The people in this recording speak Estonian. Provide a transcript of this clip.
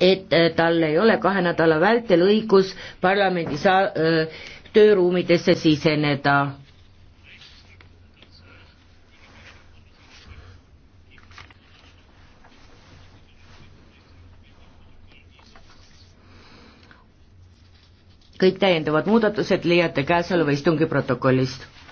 et äh, tal ei ole kahe nädala vältel õigus parlamendi saa-, äh, tööruumidesse siseneda. kõik täiendavad muudatused leiate käesoleva istungi protokollist.